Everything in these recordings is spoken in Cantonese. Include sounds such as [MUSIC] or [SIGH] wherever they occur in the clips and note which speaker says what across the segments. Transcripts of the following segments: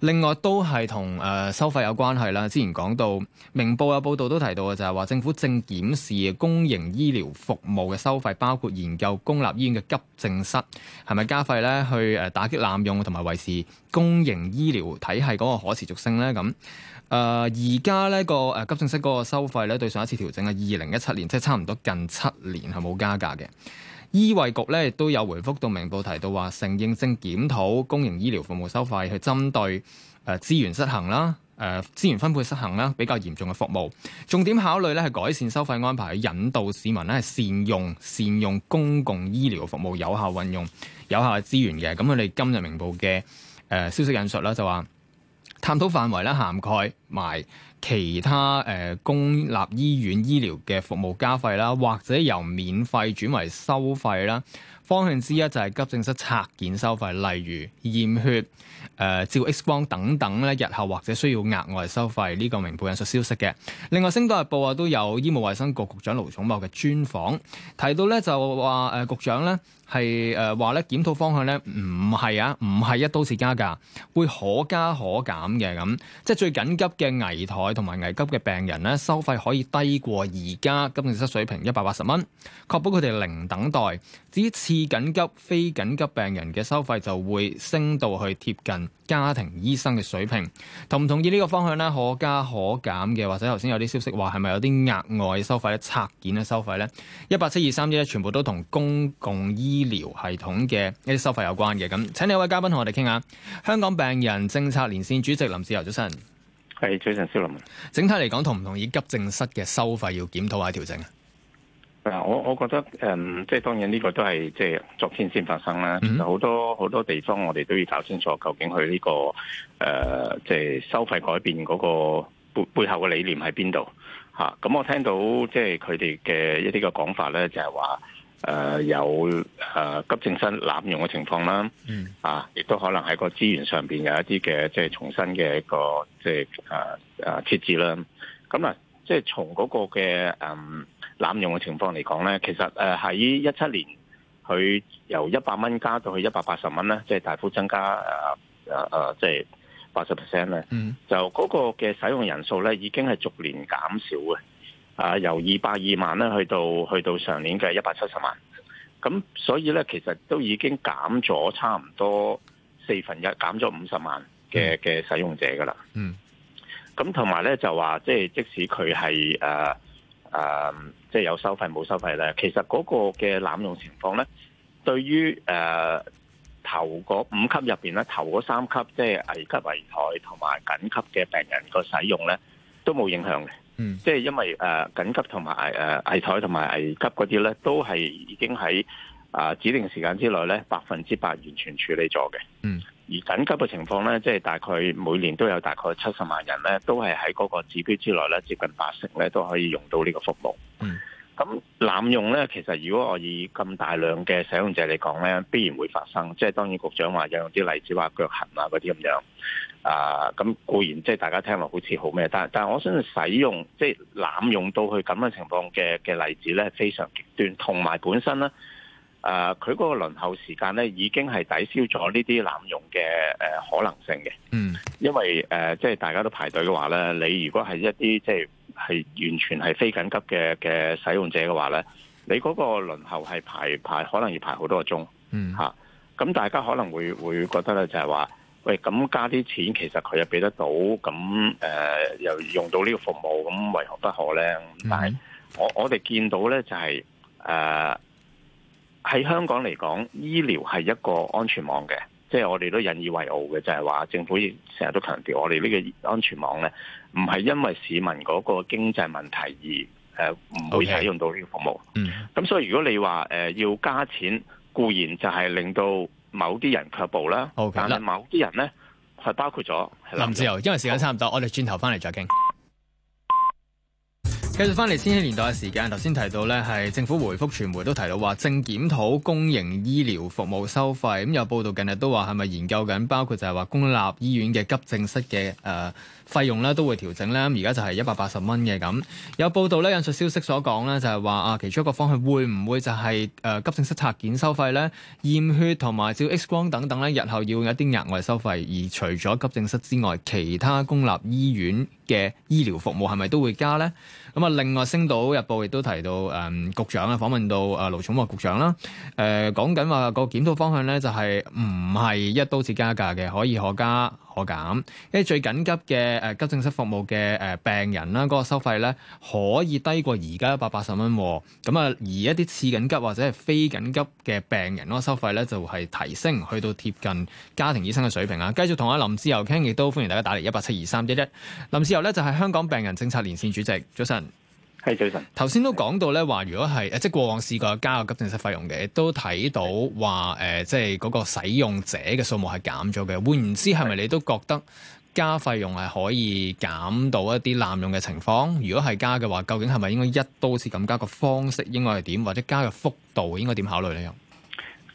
Speaker 1: 另外都係同誒收費有關係啦。之前講到明報有報道都提到嘅就係話政府正檢視公營醫療服務嘅收費，包括研究公立醫院嘅急症室係咪加費咧，去誒打擊濫用同埋維持公營醫療體系嗰個可持續性咧。咁誒而家呢個誒急症室嗰個收費咧對上一次調整係二零一七年，即係差唔多近七年係冇加價嘅。醫衞局咧亦都有回覆到明報，提到話承認正檢討公營醫療服務收費，去針對誒資源失衡啦、誒資源分配失衡啦比較嚴重嘅服務，重點考慮咧係改善收費安排，去引導市民咧係善用、善用公共醫療服務，有效運用有效嘅資源嘅。咁佢哋今日明報嘅誒消息引述啦，就話。探討範圍呢，涵蓋埋其他誒公立醫院醫療嘅服務加費啦，或者由免費轉為收費啦。方向之一就係急症室拆件收費，例如驗血、誒、呃、照 X 光等等咧。日後或者需要額外收費，呢、這個明報引述消息嘅。另外，《星島日報》啊都有醫務衛生局局，局長盧寵茂嘅專訪，提到咧就話誒、呃、局長咧係誒話咧檢討方向咧唔係啊，唔係一刀切加價，會可加可減嘅咁。即係最緊急嘅危殆同埋危急嘅病人咧，收費可以低過而家急症室水平一百八十蚊，確保佢哋零等待。至於次緊急、非緊急病人嘅收費就會升到去貼近家庭醫生嘅水平，同唔同意呢個方向呢？可加可減嘅，或者頭先有啲消息話係咪有啲額外的收費、拆件嘅收費呢？一八七二三一咧，全部都同公共醫療系統嘅一啲收費有關嘅。咁請兩位嘉賓同我哋傾下。香港病人政策連線主席林志釉，早晨，係早晨，肖林。整體嚟講，同唔同意急症室嘅收費要檢討下調整啊？
Speaker 2: 啊！我我覺得誒，即、嗯、係當然呢個都係即係昨天先發生啦。好、嗯、多好多地方，我哋都要搞清楚究竟佢呢、這個誒，即、呃、係、就是、收費改變嗰個背背後嘅理念喺邊度吓？咁、啊、我聽到即係佢哋嘅一啲嘅講法咧，就係話誒有誒急症室濫用嘅情況啦，啊，亦都可能喺個資源上邊有一啲嘅即係重新嘅一個即係誒誒設置啦。咁啊～即係從嗰個嘅誒濫用嘅情況嚟講咧，其實誒喺一七年佢由一百蚊加到去一百八十蚊咧，即係大幅增加誒誒誒，即係八十 percent 咧。就嗰個 mm. 嘅使用人數咧，已經係逐年減少嘅。啊，由二百二萬咧，去到去到上年嘅一百七十萬。咁所以咧，其實都已經減咗差唔多四分一，減咗五十萬嘅嘅使用者噶啦。嗯。咁同埋咧，就話即係即使佢係誒誒，即係有收費冇收費咧，其實嗰個嘅濫用情況咧，對於誒頭嗰五級入面咧，頭嗰三級，即係危急危殆同埋緊急嘅病人個使用咧，都冇影響嘅。嗯，即係因為誒緊急同埋誒危殆同埋危急嗰啲咧，都係已經喺啊指定時間之內咧，百分之百完全處理咗嘅。嗯。而緊急嘅情況呢，即係大概每年都有大概七十萬人呢，都係喺嗰個指標之內呢，接近八成呢都可以用到呢個服務。咁濫用呢，其實如果我以咁大量嘅使用者嚟講呢，必然會發生。即係當然局長話有啲例子話腳痕啊嗰啲咁樣啊，咁、呃、固然即係大家聽落好似好咩，但係但我想使用即係濫用到佢咁嘅情況嘅嘅例子呢，非常極端，同埋本身呢。誒佢嗰個輪候時間咧，已經係抵消咗呢啲濫用嘅誒、呃、可能性嘅。嗯，因為誒、呃、即係大家都排隊嘅話咧，你如果係一啲即係係完全係非緊急嘅嘅使用者嘅話咧，你嗰個輪候係排排可能要排好多個鐘。嗯，嚇、啊，咁大家可能會會覺得咧，就係話，喂，咁加啲錢其實佢又俾得到，咁誒又用到呢個服務，咁為何不可咧、嗯？但係我我哋見到咧就係、是、誒。呃喺香港嚟講，醫療係一個安全網嘅，即係我哋都引以為傲嘅，就係話政府成日都強調，我哋呢個安全網呢，唔係因為市民嗰個經濟問題而誒唔會使用到呢個服務。嗯，咁所以如果你話誒要加錢，固然就係令到某啲人卻步啦，okay。但係某啲人呢，
Speaker 1: 係包括咗林志釉，因為時間差唔多，我哋轉頭翻嚟再傾。繼續翻嚟《千禧年代》嘅時間，頭先提到咧，係政府回覆傳媒都提到話正檢討公營醫療服務收費。咁有報道近日都話係咪研究緊，包括就係話公立醫院嘅急症室嘅誒、呃、費用咧都會調整咧。而家就係一百八十蚊嘅，咁有報道咧引述消息所講咧就係、是、話啊，其中一個方向會唔會就係、是、誒、呃、急症室拆件收費咧驗血同埋照 X 光等等咧，日後要有啲額外收費，而除咗急症室之外，其他公立醫院嘅醫療服務係咪都會加咧？咁啊，另外《星島日報》亦都提到，局長訪訪問到啊盧寵茂局長啦，誒講緊話個檢討方向咧，就係唔係一刀切加價嘅，可以可加，可減，跟最緊急嘅誒急症室服務嘅誒病人啦，嗰個收費咧可以低過而家一百八十蚊，咁啊而一啲次緊急或者係非緊急嘅病人嗰個收費咧就係提升去到貼近家庭醫生嘅水平啊！繼續同阿林志釉傾，亦都歡迎大家打嚟一八七二三一一，林志釉咧就係香港病人政策連線主席，早晨。係早晨。頭先都講到咧，話如果係誒，即係過往試過加個急症室費用嘅，都睇到話誒、呃，即係嗰個使用者嘅數目係減咗嘅。換言之，係咪你都覺得加費用係可以減到一啲濫用嘅情況？如果係加嘅話，究竟係咪應該一刀切咁加？個方式應該係點？或者加個幅度應該點考慮呢？又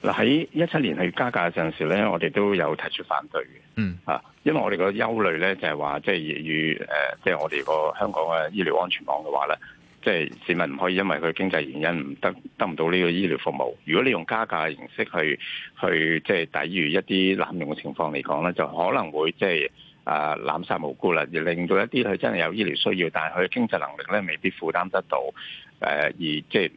Speaker 2: 嗱，喺一七年去加價嘅陣時咧，我哋都有提出反對嘅。嗯啊，因為我哋個憂慮咧、呃，就係話即係與誒，即係我哋個香港嘅醫療安全網嘅話咧。即係市民唔可以因為佢經濟原因唔得得唔到呢個醫療服務。如果你用加價嘅形式去去即係抵禦一啲濫用嘅情況嚟講咧，就可能會即係啊濫殺無辜啦，而令到一啲佢真係有醫療需要，但係佢嘅經濟能力咧未必負擔得到，誒而即係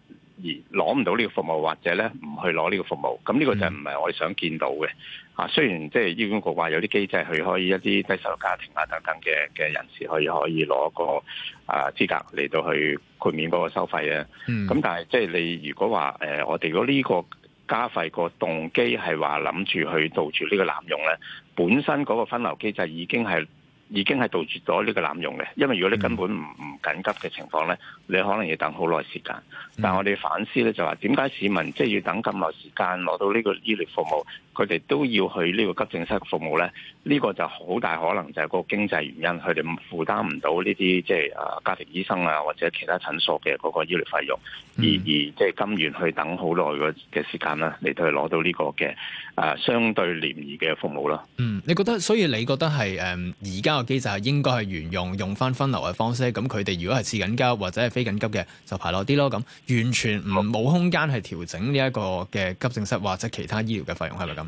Speaker 2: 而攞唔到呢個服務，或者咧唔去攞呢個服務，咁呢個就唔係我哋想見到嘅。嗯啊，雖然即係醫院局話有啲機制，佢可以一啲低收入家庭啊等等嘅嘅人士，可以可以攞個啊資格嚟到去豁免嗰個收費啊。咁、嗯、但係即係你如果話誒，我哋如果呢個加費個動機係話諗住去杜絕呢個濫用咧，本身嗰個分流機制已經係，已經係杜絕咗呢個濫用嘅，因為如果你根本唔唔緊急嘅情況咧，你可能要等好耐時間。但係我哋反思咧，就話點解市民即係要等咁耐時間攞到呢個醫療服務，佢哋都要去呢個急症室服務咧？呢個就好大可能就係個經濟原因，佢哋唔負擔唔到呢啲即係啊家庭醫生啊或者其他診所嘅嗰個醫療費用，而、嗯、而即係甘願去等好耐嘅嘅時間啦，你都係攞到呢個嘅啊相對廉宜嘅服務咯。
Speaker 1: 嗯，你覺得所以你覺得係誒而家？嗯機制係應該係沿用用翻分流嘅方式，咁佢哋如果係次緊急或者係非緊急嘅，就排落啲咯。咁完全唔冇空間去調整呢一個嘅急症室或者其他醫療嘅費用，係咪咁？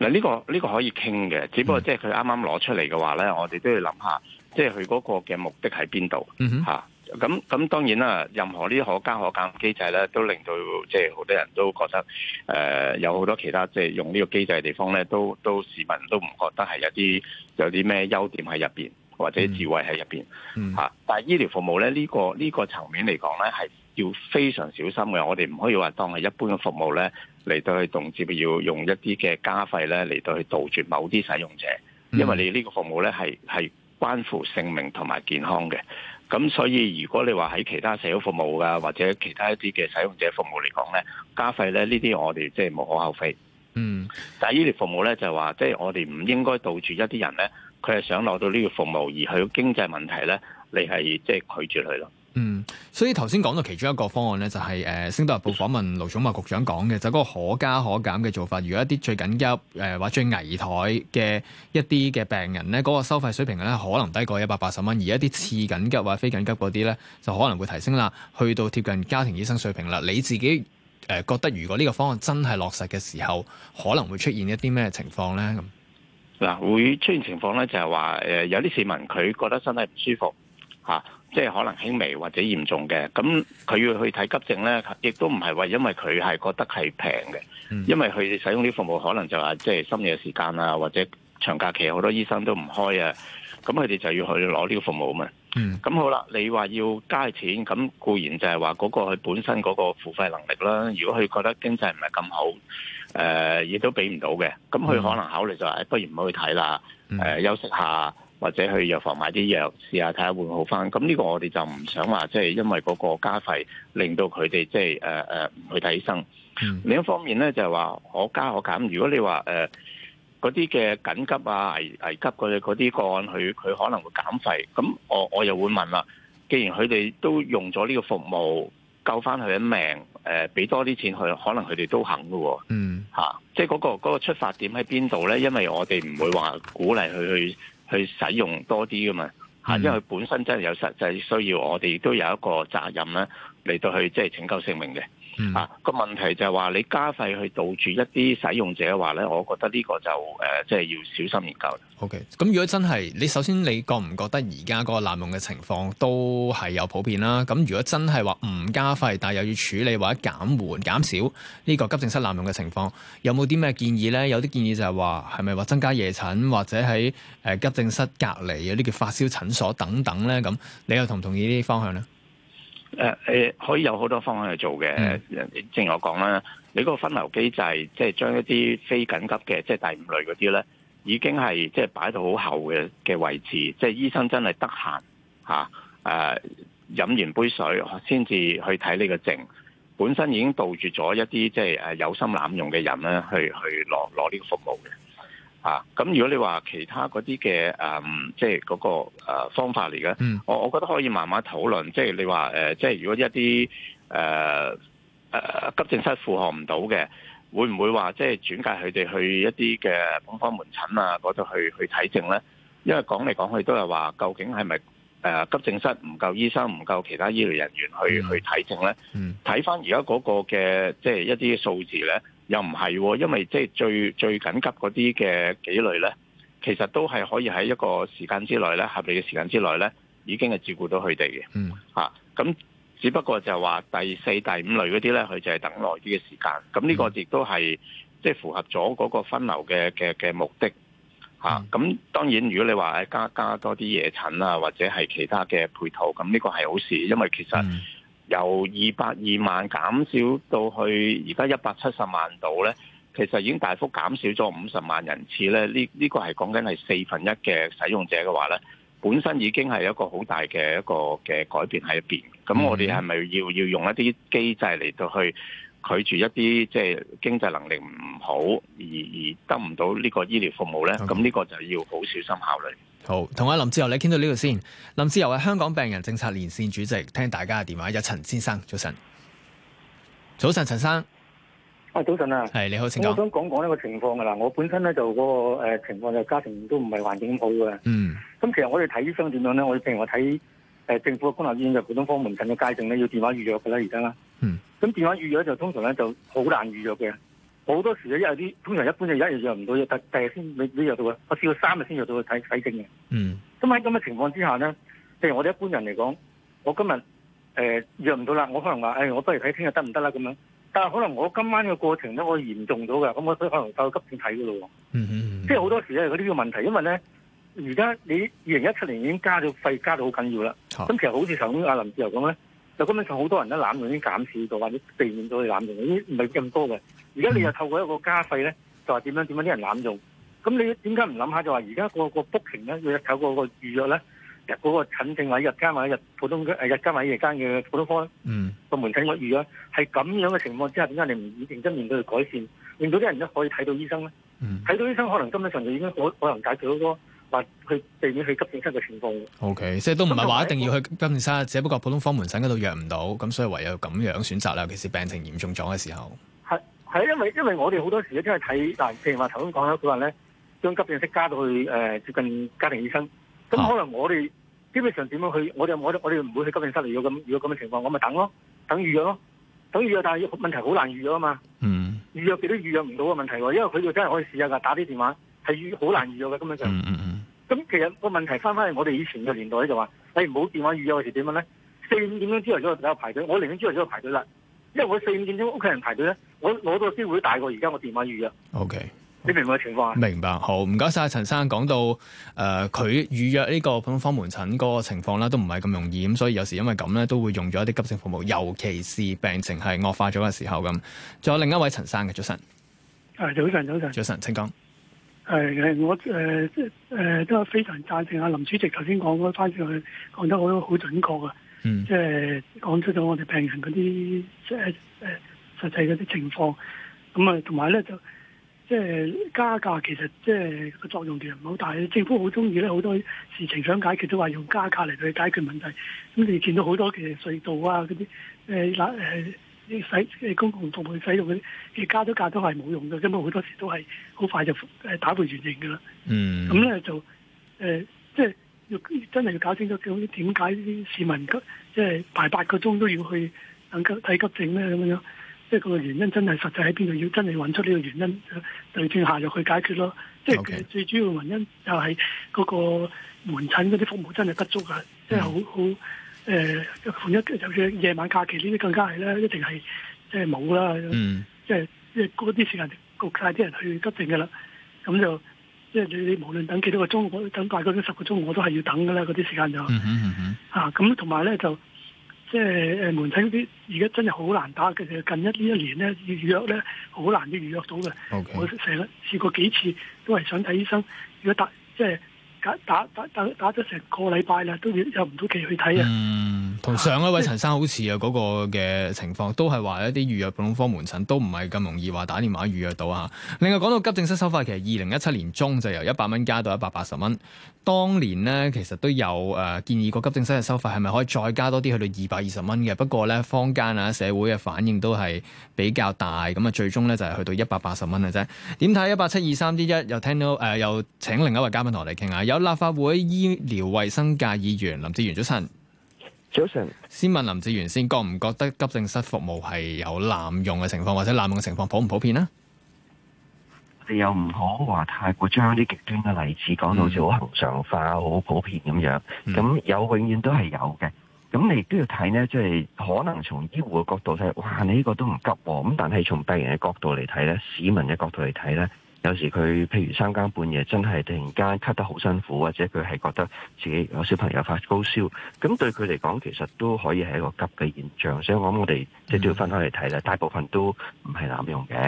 Speaker 1: 嗱、
Speaker 2: 這個，呢個呢個可以傾嘅，只不過即係佢啱啱攞出嚟嘅話咧，mm -hmm. 我哋都要諗下，即係佢嗰個嘅目的喺邊度吓。Mm -hmm. 啊咁咁當然啦，任何呢啲可加可減機制咧，都令到即係好多人都覺得，誒、呃、有好多其他即係、就是、用呢個機制嘅地方咧，都都市民都唔覺得係有啲有啲咩優點喺入邊，或者智慧喺入邊。嚇、嗯啊。但係醫療服務咧，呢、這個呢、這個層面嚟講咧，係要非常小心嘅。我哋唔可以話當係一般嘅服務咧嚟到去動輒，要用一啲嘅加費咧嚟到去杜絕某啲使用者，因為你呢個服務咧係係關乎性命同埋健康嘅。咁所以如果你話喺其他社會服務㗎，或者其他一啲嘅使用者服務嚟講咧，加費咧呢啲我哋即係無可厚非。嗯，但係呢啲服務咧就話，即係我哋唔應該導住一啲人咧，佢係想攞到呢個服務而佢經濟問題咧，你係即係拒絕佢咯。
Speaker 1: 嗯，所以頭先講到其中一個方案咧，就係、是、誒、呃《星島日報》訪問盧寵茂局長講嘅，就嗰、是、個可加可減嘅做法。如果一啲最緊急誒、呃、或最危殆嘅一啲嘅病人咧，嗰、那個收費水平咧可能低過一百八十蚊，而一啲次緊急或非緊急嗰啲咧，就可能會提升啦，去到貼近家庭醫生水平啦。你自己誒、呃、覺得，如果呢個方案真係落實嘅時候，可能會出現一啲咩情況咧？咁
Speaker 2: 嗱，會出現情況咧，就係話誒有啲市民佢覺得身體唔舒服嚇。啊即、就、係、是、可能輕微或者嚴重嘅，咁佢要去睇急症咧，亦都唔係話因為佢係覺得係平嘅，因為佢使用呢個服務可能就話即係深夜時間啊，或者長假期好多醫生都唔開啊，咁佢哋就要去攞呢個服務啊嘛。咁、嗯、好啦，你話要加錢，咁固然就係話嗰個佢本身嗰個付費能力啦。如果佢覺得經濟唔係咁好，誒、呃，亦都俾唔到嘅，咁佢可能考慮就係、是嗯、不如唔好去睇啦，誒、嗯呃，休息下。或者去藥房買啲藥試下睇下，換好翻咁呢個我，我哋就唔想話即係因為嗰個加費，令到佢哋即係誒、呃、唔去睇醫生、嗯。另一方面咧，就係話可加可減。如果你話誒嗰啲嘅緊急啊、危危急嗰啲嗰個案，佢佢可能會減費。咁我我又會問啦，既然佢哋都用咗呢個服務救翻佢一命，誒、呃、俾多啲錢佢，可能佢哋都肯㗎喎。
Speaker 3: 嗯，
Speaker 2: 啊、即係嗰、個嗰、個、出發點喺邊度咧？因為我哋唔會話鼓勵佢去。去使用多啲㗎嘛吓，嗯，因為佢本身真係有實際需要，我哋都有一個責任啦，嚟到去即係拯救性命嘅。嗯、啊，個問題就係話你加費去導住一啲使用者嘅話咧，我覺得呢個就誒即係要小心研究啦。
Speaker 1: O K. 咁如果真係你首先你覺唔覺得而家嗰個濫用嘅情況都係有普遍啦？咁如果真係話唔加費，但係又要處理或者減緩減少呢個急症室濫用嘅情況，有冇啲咩建議咧？有啲建議就係話係咪話增加夜診或者喺誒急症室隔離有啲叫發燒診所等等咧？咁你又同唔同意呢啲方向咧？
Speaker 2: 誒誒，可以有好多方向去做嘅。正如我講啦，你嗰個分流機制，即係將一啲非緊急嘅，即係第五類嗰啲咧，已經係即係擺到好後嘅嘅位置。即係醫生真係得閒吓誒，飲完杯水先至去睇呢個症，本身已經杜絕咗一啲即係誒有心濫用嘅人咧，去去攞攞呢個服務嘅。啊，咁如果你話其他嗰啲嘅誒，即係嗰個方法嚟嘅、嗯，我我覺得可以慢慢討論。即係你話誒、呃，即係如果一啲誒誒急症室負荷唔到嘅，會唔會話即係轉介佢哋去一啲嘅普通門診啊嗰度去去睇症咧？因為講嚟講去都係話，究竟係咪誒急症室唔夠醫生，唔夠其他醫療人員去、嗯、去睇症咧？睇翻而家嗰個嘅即係一啲數字咧。又唔係、哦，因為即係最最緊急嗰啲嘅幾類咧，其實都係可以喺一個時間之內咧，合理嘅時間之內咧，已經係照顧到佢哋嘅。嗯、啊，嚇，咁只不過就話第四、第五類嗰啲咧，佢就係等耐啲嘅時間。咁呢個亦都係即係符合咗嗰個分流嘅嘅嘅目的。嚇、啊，咁、嗯啊、當然如果你話誒加加多啲夜診啊，或者係其他嘅配套，咁呢個係好事，因為其實、嗯。由二百二萬減少到去而家一百七十萬度呢，其實已經大幅減少咗五十萬人次咧。呢呢個係講緊係四分一嘅使用者嘅話呢，本身已經係一個好大嘅一個嘅改變喺入邊。咁我哋係咪要要用一啲機制嚟到去？拒絕一啲即係經濟能力唔好而而得唔到呢個醫療服務咧，咁、嗯、呢個就要好小心
Speaker 1: 考慮。好，同阿林志釉你傾到呢度先。林志釉係香港病人政策連線主席，聽大家嘅電話。有陳先生，早晨，早晨，陳生。
Speaker 4: 啊，早晨啊，
Speaker 1: 係你好，請講。我想
Speaker 4: 講講呢個情況㗎啦。我本身咧就個誒情況就家庭都唔係環境好嘅。嗯。咁其實我哋睇醫生點樣咧？我譬如我睇。誒政府嘅公立醫院就普通科門診嘅界定咧，要電話預約㗎啦，而家啦。嗯。咁電話預約就通常咧就好難預約嘅，好多時咧因為啲通常一般就一日約唔到嘅，第第日先你你約到啊，我試過三日先約到去睇睇症嘅。嗯。咁喺咁嘅情況之下咧，譬如我哋一般人嚟講，我今日誒、呃、約唔到啦，我可能話誒、哎、我不如睇聽日得唔得啦咁樣，但係可能我今晚嘅過程咧我嚴重到㗎，咁我所以可能就急症睇㗎咯。嗯，嗯即係好多時咧嗰啲嘅問題，因為咧而家你二零一七年已經加咗費，加到好緊要啦。咁、嗯嗯嗯、其實好似頭先阿林志釉講咧，就根本上好多人咧濫用已經減少到，或者避免到去濫用，依啲唔係咁多嘅。而家你又透過一個加費咧，就話點樣點樣啲人濫用？咁你點解唔諗下就話，而家個個 booking 咧，日頭個個預約咧、那個，日嗰個診症位日間或者日普通日間或者夜間嘅普通科咧，個、嗯、門診個預約係咁樣嘅情況之下，點解你唔認真面對去改善，令到啲人咧可以睇到醫生咧？睇、嗯、到醫生可能根本上就已經可能解決好多。去避免去急症室嘅情況的。O、
Speaker 1: okay, K，即係都唔係話一定要去急症室，只不過普通科門診嗰度約唔到，咁所以唯有咁樣選擇啦。尤其是病情嚴重咗嘅時候，
Speaker 4: 係係因為因為我哋好多時咧都係睇嗱，譬如話頭先講嗰句話咧，將急症室加到去誒、呃、接近家庭醫生，咁、啊、可能我哋基本上點樣去？我哋我哋唔會去急症室嚟。如果咁如果咁嘅情況，我咪等咯，等預約咯，等預約。但係問題好難預約啊嘛。
Speaker 3: 嗯。
Speaker 4: 預約亦都預約唔到嘅問題，因為佢哋真係可以試下㗎，打啲電話係好難預約嘅根本上。咁其實個問題翻翻係我哋以前嘅年代就話，你唔好電話預約時點樣咧？四五點鐘之後喺度排隊，我寧願之後喺度排隊啦。因為我四五點鐘屋企人排隊咧，我攞到機會大過而家我電話預
Speaker 1: 約。O、okay.
Speaker 4: K，你明白情況啊？明
Speaker 1: 白，好唔該晒陳生講到誒，佢、呃、預約呢個普通科門診嗰個情況啦，都唔係咁容易咁，所以有時因為咁咧，都會用咗一啲急症服務，尤其是病情係惡化咗嘅時候咁。仲有另一位陳生嘅早晨，早晨早晨早晨，請講。
Speaker 5: 係，係我，誒、呃，誒、呃，都非常贊成啊！林主席頭先講嗰番嘢，講得好好準確啊！嗯，即係講出咗我哋病人嗰啲，誒誒，實際嗰啲情況。咁、嗯、啊，同埋咧就，即係加價其實，即係個作用其實唔係好大。政府好中意咧，好多事情想解決都話用加價嚟去解決問題。咁、嗯、你見到好多其實隧道啊嗰啲，誒嗱誒。呃呃啲使誒公共服務使用嗰啲，你加多價都係冇用嘅，因為好多時都係好快就誒打回原形嘅啦。嗯那，咁咧就誒，即係要真係要搞清楚點點解啲市民即係排八個鐘都要去能夠睇急症咧咁樣，即係個原因真係實際喺邊度？要真係搵出呢個原因就對症下藥去解決咯。
Speaker 1: Okay. 即係
Speaker 5: 最主要嘅原因就係嗰個門診嗰啲服務真係不足啊！嗯、即係好好。很誒、呃，一就夜晚假期呢啲更加係咧，一定係即係冇啦。即係、嗯、即係嗰啲時間焗晒啲人去急症㗎喇。咁就即係你無論等幾多個鐘，等大概都十個鐘，我都係要等㗎喇。嗰啲時間就嚇咁，同埋咧就即係誒門診嗰啲，而家真係好難打嘅。近一呢一年咧，預約咧好難預約到嘅。Okay. 我成日試過幾次都係想睇醫生，如果打。即係。打打打打咗成個禮拜啦，都入唔到期去睇啊！嗯
Speaker 1: [LAUGHS] 同上一位陳生好似啊，嗰個嘅情況都係話一啲預約普通科門診都唔係咁容易話打電話預約到啊。另外講到急症室收費，其實二零一七年中就由一百蚊加到一百八十蚊。當年呢，其實都有、呃、建議過急症室嘅收費係咪可以再加多啲去到二百二十蚊嘅，不過呢，坊間啊社會嘅反應都係比較大咁啊，最終呢，就係、是、去到一百八十蚊嘅啫。點睇一八七二三啲一又聽到誒、呃、又請另外一位嘉賓同我哋傾下。有立法會醫療衛生界議員林哲玄，早晨。早上，先問林志釉先，覺唔覺得急症室服務係有濫用嘅情況，或者濫用嘅情況普唔普遍啊？
Speaker 6: 又唔好話太過將啲極端嘅例子講到好似好恆常化、好普遍咁樣。咁有永遠都係有嘅。咁你都要睇咧，即係可能從醫護嘅角度睇，哇！你呢個都唔急，咁但係從病人嘅角度嚟睇咧，市民嘅角度嚟睇咧。有時佢譬如三更半夜真係突然間咳得好辛苦，或者佢係覺得自己有小朋友發高燒，咁對佢嚟講其實都可以係一個急嘅現象，所以我諗我哋即係都要分開嚟睇啦。大部分都唔係濫用嘅，咁、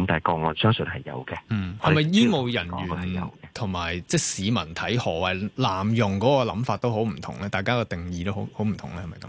Speaker 6: 啊、但係個案相
Speaker 1: 信係有嘅。
Speaker 6: 嗯，係咪
Speaker 1: 醫務人員同埋即係市民睇何謂濫用嗰個諗法都好唔同咧？大家嘅定義都好好唔同咧，係咪咁？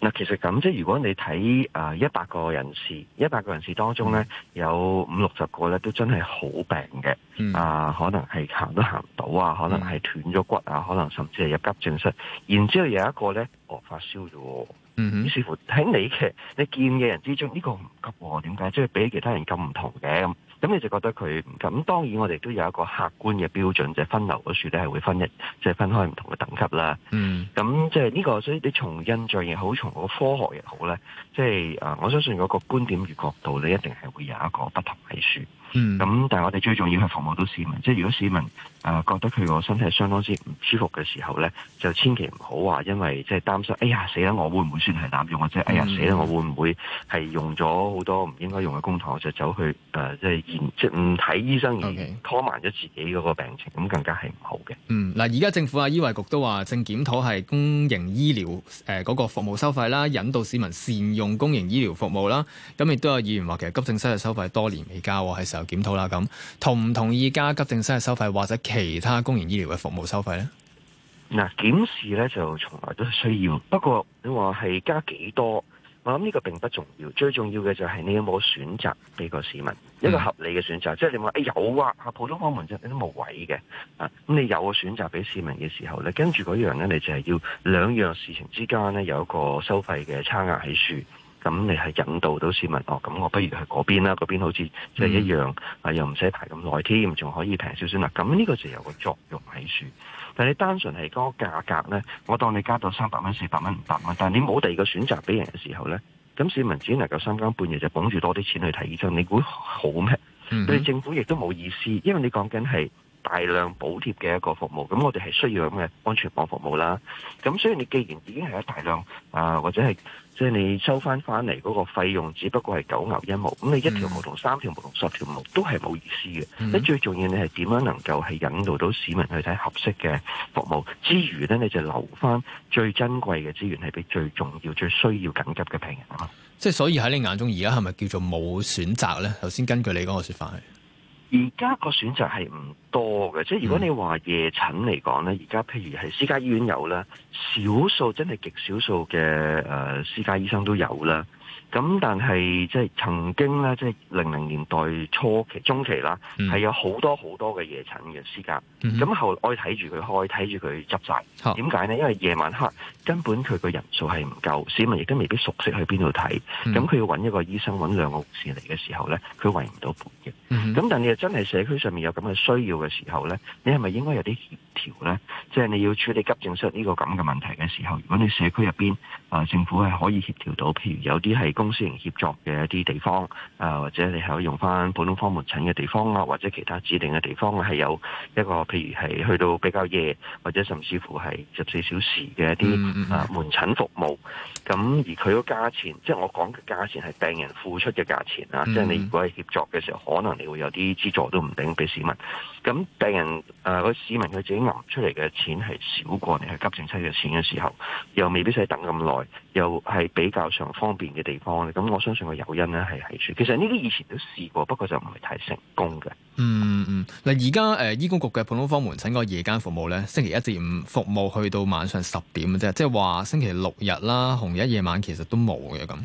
Speaker 6: 嗱，其實咁即係如果你睇啊一百個人士，一百個人士當中咧有五六十個咧都真係好病嘅，啊可能係行都行唔到啊，可能係斷咗骨啊，可能甚至係入急症室。然之後有一個咧，哦發燒咗，於是乎喺你嘅你見嘅人之中，呢個唔急，點解？即係比其他人咁唔同嘅咁。咁你就覺得佢唔咁，當然我哋都有一個客觀嘅標準，就係分流嗰樹咧係會分一，即係分開唔同嘅等級啦。嗯，咁即係呢個，所以你從印象亦好，從個科學亦好咧，即係我相信嗰個觀點與角度你一定係會有一個不同睇樹。嗯，咁但係我哋最重要係服務到市民，即係如果市民誒、呃、覺得佢個身體相當之唔舒服嘅時候咧，就千祈唔好話因為即係擔心，哎呀死啦！我會唔會算係濫用或者、嗯、哎呀死啦！我會唔會係用咗好多唔應該用嘅公帑，就走去即係即唔睇醫生而拖慢咗自己嗰個病情，咁、okay. 更加係唔
Speaker 1: 好嘅。嗯，嗱而家政府啊醫衞局都話正檢討係公營醫療嗰、呃那個服務收費啦，引導市民善用公營醫療服務啦。咁亦都有議員話其實急症室嘅收費多年未加喎，係檢討啦，咁同唔同意加急症室收費或者其他公營醫療嘅服務收費呢？
Speaker 6: 嗱，檢視咧就從來都需要，不過你話係加幾多，我諗呢個並不重要，最重要嘅就係你有冇選擇俾個市民、嗯、一個合理嘅選擇，即係你話誒有，哎、有啊，普通科門診你都冇位嘅啊，咁你有個選擇俾市民嘅時候咧，跟住嗰樣咧，你就係要兩樣事情之間咧有一個收費嘅差額喺處。咁你係引導到市民哦，咁我不如去嗰邊啦，嗰邊好似即係一樣，mm -hmm. 啊又唔使排咁耐添，仲可以平少少啦。咁呢個就有個作用喺處，但係你單純係嗰個價格呢，我當你加到三百蚊、四百蚊、五百蚊，但係你冇第二個選擇俾人嘅時候呢，咁市民只能夠三更半夜就捧住多啲錢去睇醫生，你估好咩？對、mm -hmm. 政府亦都冇意思，因為你講緊係。大量補貼嘅一個服務，咁我哋係需要咁嘅安全網服務啦。咁所以你既然已經係有大量啊，或者係即係你收翻翻嚟嗰個費用，只不過係九牛一毛。咁你一條毛同三條毛同十條毛都係冇意思嘅。咁、嗯、最重要的是你係點樣能夠係引導到市民去睇合適嘅服務，之餘咧你就留翻最珍貴嘅資源，係俾最重要、最
Speaker 1: 需要緊急嘅病人啊。即係所以喺你眼中，而家係咪叫做冇選擇咧？頭先根據你嗰個說法係。而家個選擇係唔
Speaker 6: 多嘅，即係如果你話夜診嚟講咧，而家譬如係私家醫院有啦，少數真係極少數嘅誒私家醫生都有啦。咁但係即係曾經咧，即係零零年代初期中期啦，係、mm -hmm. 有好多好多嘅夜診嘅私家。咁、mm -hmm. 後我睇住佢開，睇住佢執曬。點、oh. 解呢？因為夜晚黑根本佢個人數係唔夠，市民亦都未必熟悉去邊度睇。咁、mm、佢 -hmm. 要揾一個醫生，揾兩個護士嚟嘅時候呢，佢圍唔到本嘅。咁、mm -hmm. 但係你真係社區上面有咁嘅需要嘅時候呢，你係咪應該有啲？調咧，即係你要處理急症室呢個咁嘅問題嘅時候，如果你社區入邊啊，政府係可以協調到，譬如有啲係公私營協作嘅一啲地方啊、呃，或者你係可以用翻普通科門診嘅地方啊，或者其他指定嘅地方，係有一個譬如係去到比較夜，或者甚至乎係十四小時嘅一啲啊、mm -hmm. 呃、門診服務。咁而佢個價錢，即係我講嘅價錢係病人付出嘅價錢啊，mm -hmm. 即係你如果係協作嘅時候，可能你會有啲資助都唔定俾市民。咁病人啊，個、呃、市民佢自己出嚟嘅錢係少過你去急症室嘅錢嘅時候，又未必使等咁耐，又係比較上方便嘅地方咧。咁我相信個原因呢係喺處。其實呢啲以前都試過，不過
Speaker 1: 就唔係太成功嘅。嗯嗯嗱，而家誒醫管局嘅普通科門診嗰個夜間服務呢，星期一至五服務去到晚上十點嘅啫，即係話星期六日啦、紅日夜，夜晚其實都冇嘅咁，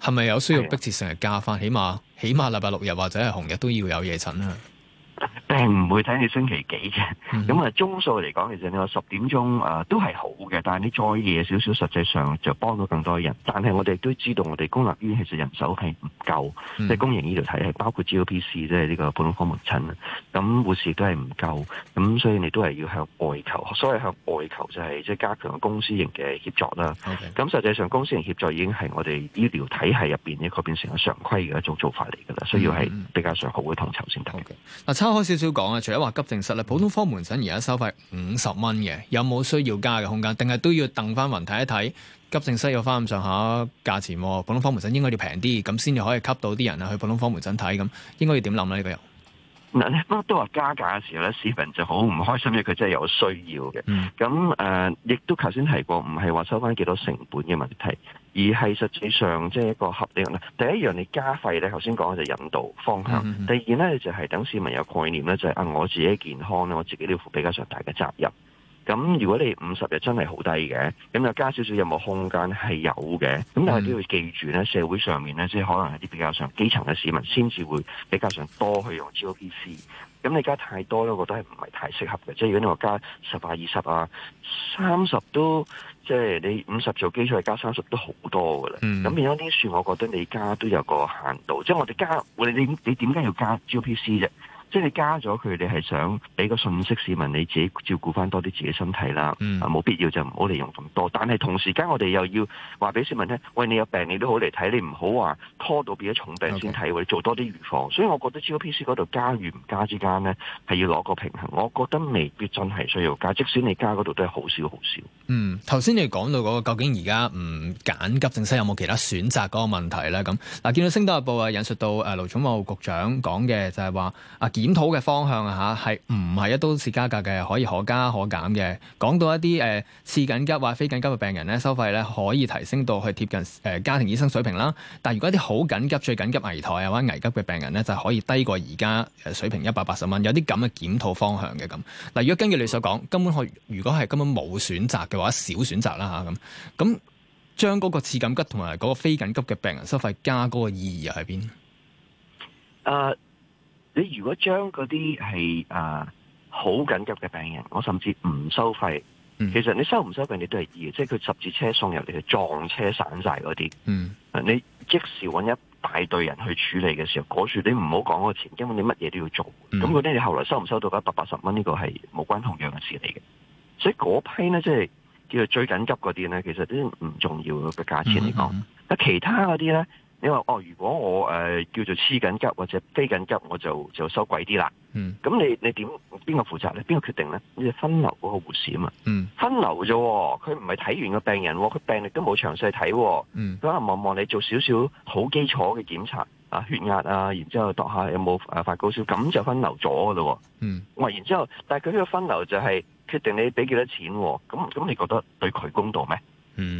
Speaker 1: 係咪有需要迫切性係加翻？ [NOISE] 起碼起碼禮拜六日或者係紅日都要有夜診啊？ [NOISE] [NOISE] 並唔會睇你星期幾嘅，咁啊鐘數嚟
Speaker 6: 講，其實你話十點鐘啊、呃、都係好嘅，但係你再夜少少，實際上就幫到更多人。但係我哋都知道，我哋公立醫院其實人手係唔夠，mm -hmm. 即係公營醫療體系包括 GOPC 即係呢個普通科門診咁護士都係唔夠，咁所以你都係要向外求，所謂向外求就係、是、即係加強公私營嘅協作啦。咁、okay. 實際上公私營協作已經係我哋醫療體系入邊一個變成咗常規嘅一種做法嚟㗎啦，需要係比較上好嘅統籌先得嘅。嗱、
Speaker 1: okay. 啊，差唔少講啊，除咗話急症室咧，普通科門診而家收費五十蚊嘅，有冇需要加嘅空間？定係都要等翻云睇一睇，急症室有翻咁上下價錢，普通科門診應該要平啲，咁先至可以吸到啲人啊去普通科門診睇。咁應該要點諗呢？呢個又？
Speaker 6: 嗱，不過都話加價嘅時候咧，市民就好唔開心，因為佢真係有需要嘅。咁誒，亦、呃、都頭先提過，唔係話收翻幾多成本嘅問題，而係實際上即係一個合理嘅。第一樣你加費咧，頭先講嘅就引導方向。第二咧就係、是、等市民有概念咧，就係、是啊、我自己健康咧，我自己都要負比較重大嘅責任。咁如果你五十日真係好低嘅，咁就加少少有冇空間係有嘅。咁但係都要記住咧，社會上面咧，即係可能係啲比較上基層嘅市民先至會比較上多去用 GOPC。咁你加太多咧，我覺得係唔係太適合嘅。即係如果你話加十八二十啊三十都，即係你五十做基礎加三十都好多嘅啦。咁變咗啲數，我覺得你加都有個限度。即係我哋加，你你點解要加 GOPC 啫？即係加咗佢哋係想俾個信息市民，你自己照顧翻多啲自己身體啦，冇、嗯、必要就唔好利用咁多。但係同時間我哋又要話俾市民聽，喂，你有病你都好嚟睇，你唔好話拖到變咗重病先睇，或、okay. 者做多啲預防。所以我覺得 GOPC 嗰度加與唔加之間呢，係要攞個平衡。我覺得未必真係需要加，即使你加嗰度都係好少好少。
Speaker 1: 嗯，頭先你講到嗰個究竟而家唔揀急症室有冇其他選擇嗰個問題咧？咁嗱、啊，見到《星島日報》啊引述到誒、呃、盧寵茂局長講嘅就係話阿。啊檢討嘅方向啊，吓係唔係一刀切加價嘅，可以可加可減嘅。講到一啲誒、次、呃、緊急或非緊急嘅病人咧，收費咧可以提升到去貼近誒、呃、家庭醫生水平啦。但係如果一啲好緊急、最緊急危殆啊或者危急嘅病人咧，就可以低過而家誒水平一百八十蚊，有啲咁嘅檢討方向嘅咁。嗱，如果根據你所講，根本可如果係根本冇選擇嘅話，少選擇啦嚇咁。咁、啊、將嗰個次緊急同埋嗰個非緊急嘅病人收費加嗰個又意義喺邊？
Speaker 3: 誒、
Speaker 1: uh。
Speaker 6: 你如果將嗰啲係啊好緊急嘅病人，我甚至唔收費、嗯。其實你收唔收費你都係意，即係佢十字車送入嚟撞車散晒嗰啲。嗯，你即時揾一大隊人去處理嘅時候，嗰處你唔好講個錢，因為你乜嘢都要做。咁嗰啲你後來收唔收到一百八十蚊呢、呢個係冇關同樣嘅事嚟嘅。所以嗰批呢，即係叫做最緊急嗰啲呢，其實都唔重要嘅價錢嚟講、嗯嗯。但其他嗰啲呢。你話哦，如果我誒、呃、叫做黐緊急或者非緊急，我就就收貴啲啦。嗯，咁你你點邊個負責咧？邊個決定咧？你分流嗰個護士啊嘛。嗯，分流咗喎、哦，佢唔係睇完個病人、哦，佢病歷都冇詳細睇、哦。嗯，佢可能望望你做少少好基礎嘅檢查啊，血壓啊，然之後度下有冇發高燒，咁就分流咗咯、哦。嗯，喂，然之後，但係佢呢個分流就係決定你俾幾多錢、哦。咁咁，你覺得對佢公道咩？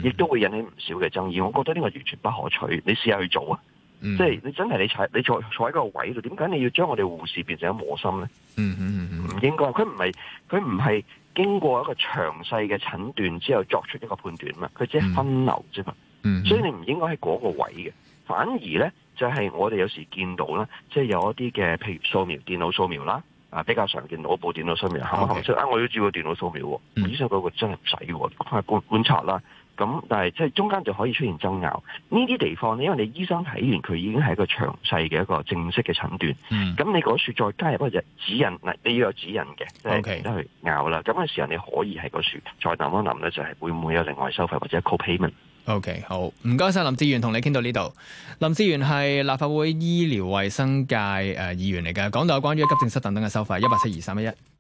Speaker 6: 亦都會引起唔少嘅爭議，我覺得呢個完全不可取。你試下去做啊、嗯，即係你真係你坐你坐坐喺個位度，點解你要將我哋護士變成磨心咧？唔、嗯嗯嗯、應該，佢唔係佢唔係經過一個詳細嘅診斷之後作出一個判斷嘛？佢只係分流啫嘛、嗯。所以你唔應該喺嗰個位嘅，反而咧就係、是、我哋有時見到啦，即係有一啲嘅，譬如掃描電腦掃描啦，啊比較常見到我部電腦掃描，okay. 行唔行我要做個電腦掃描喎，醫生嗰個真係唔使嘅，咁觀察啦。咁，但係即係中間就可以出現爭拗。呢啲地方呢，因為你醫生睇完佢已經係一個詳細嘅一個正式嘅診斷。咁、嗯、你嗰處再加入個指引，你你要有指引嘅，o k 唔得去拗啦。咁、okay. 嘅時候你可以係個處，再諗一諗咧就係會唔會有另外收費或者 co-payment？O、
Speaker 1: okay, K，好，唔該晒。林哲玄，同你傾到呢度。林哲玄係立法會醫療衞生界誒、呃、議員嚟嘅，講到關於急症室等等嘅收費，一八七二三一一。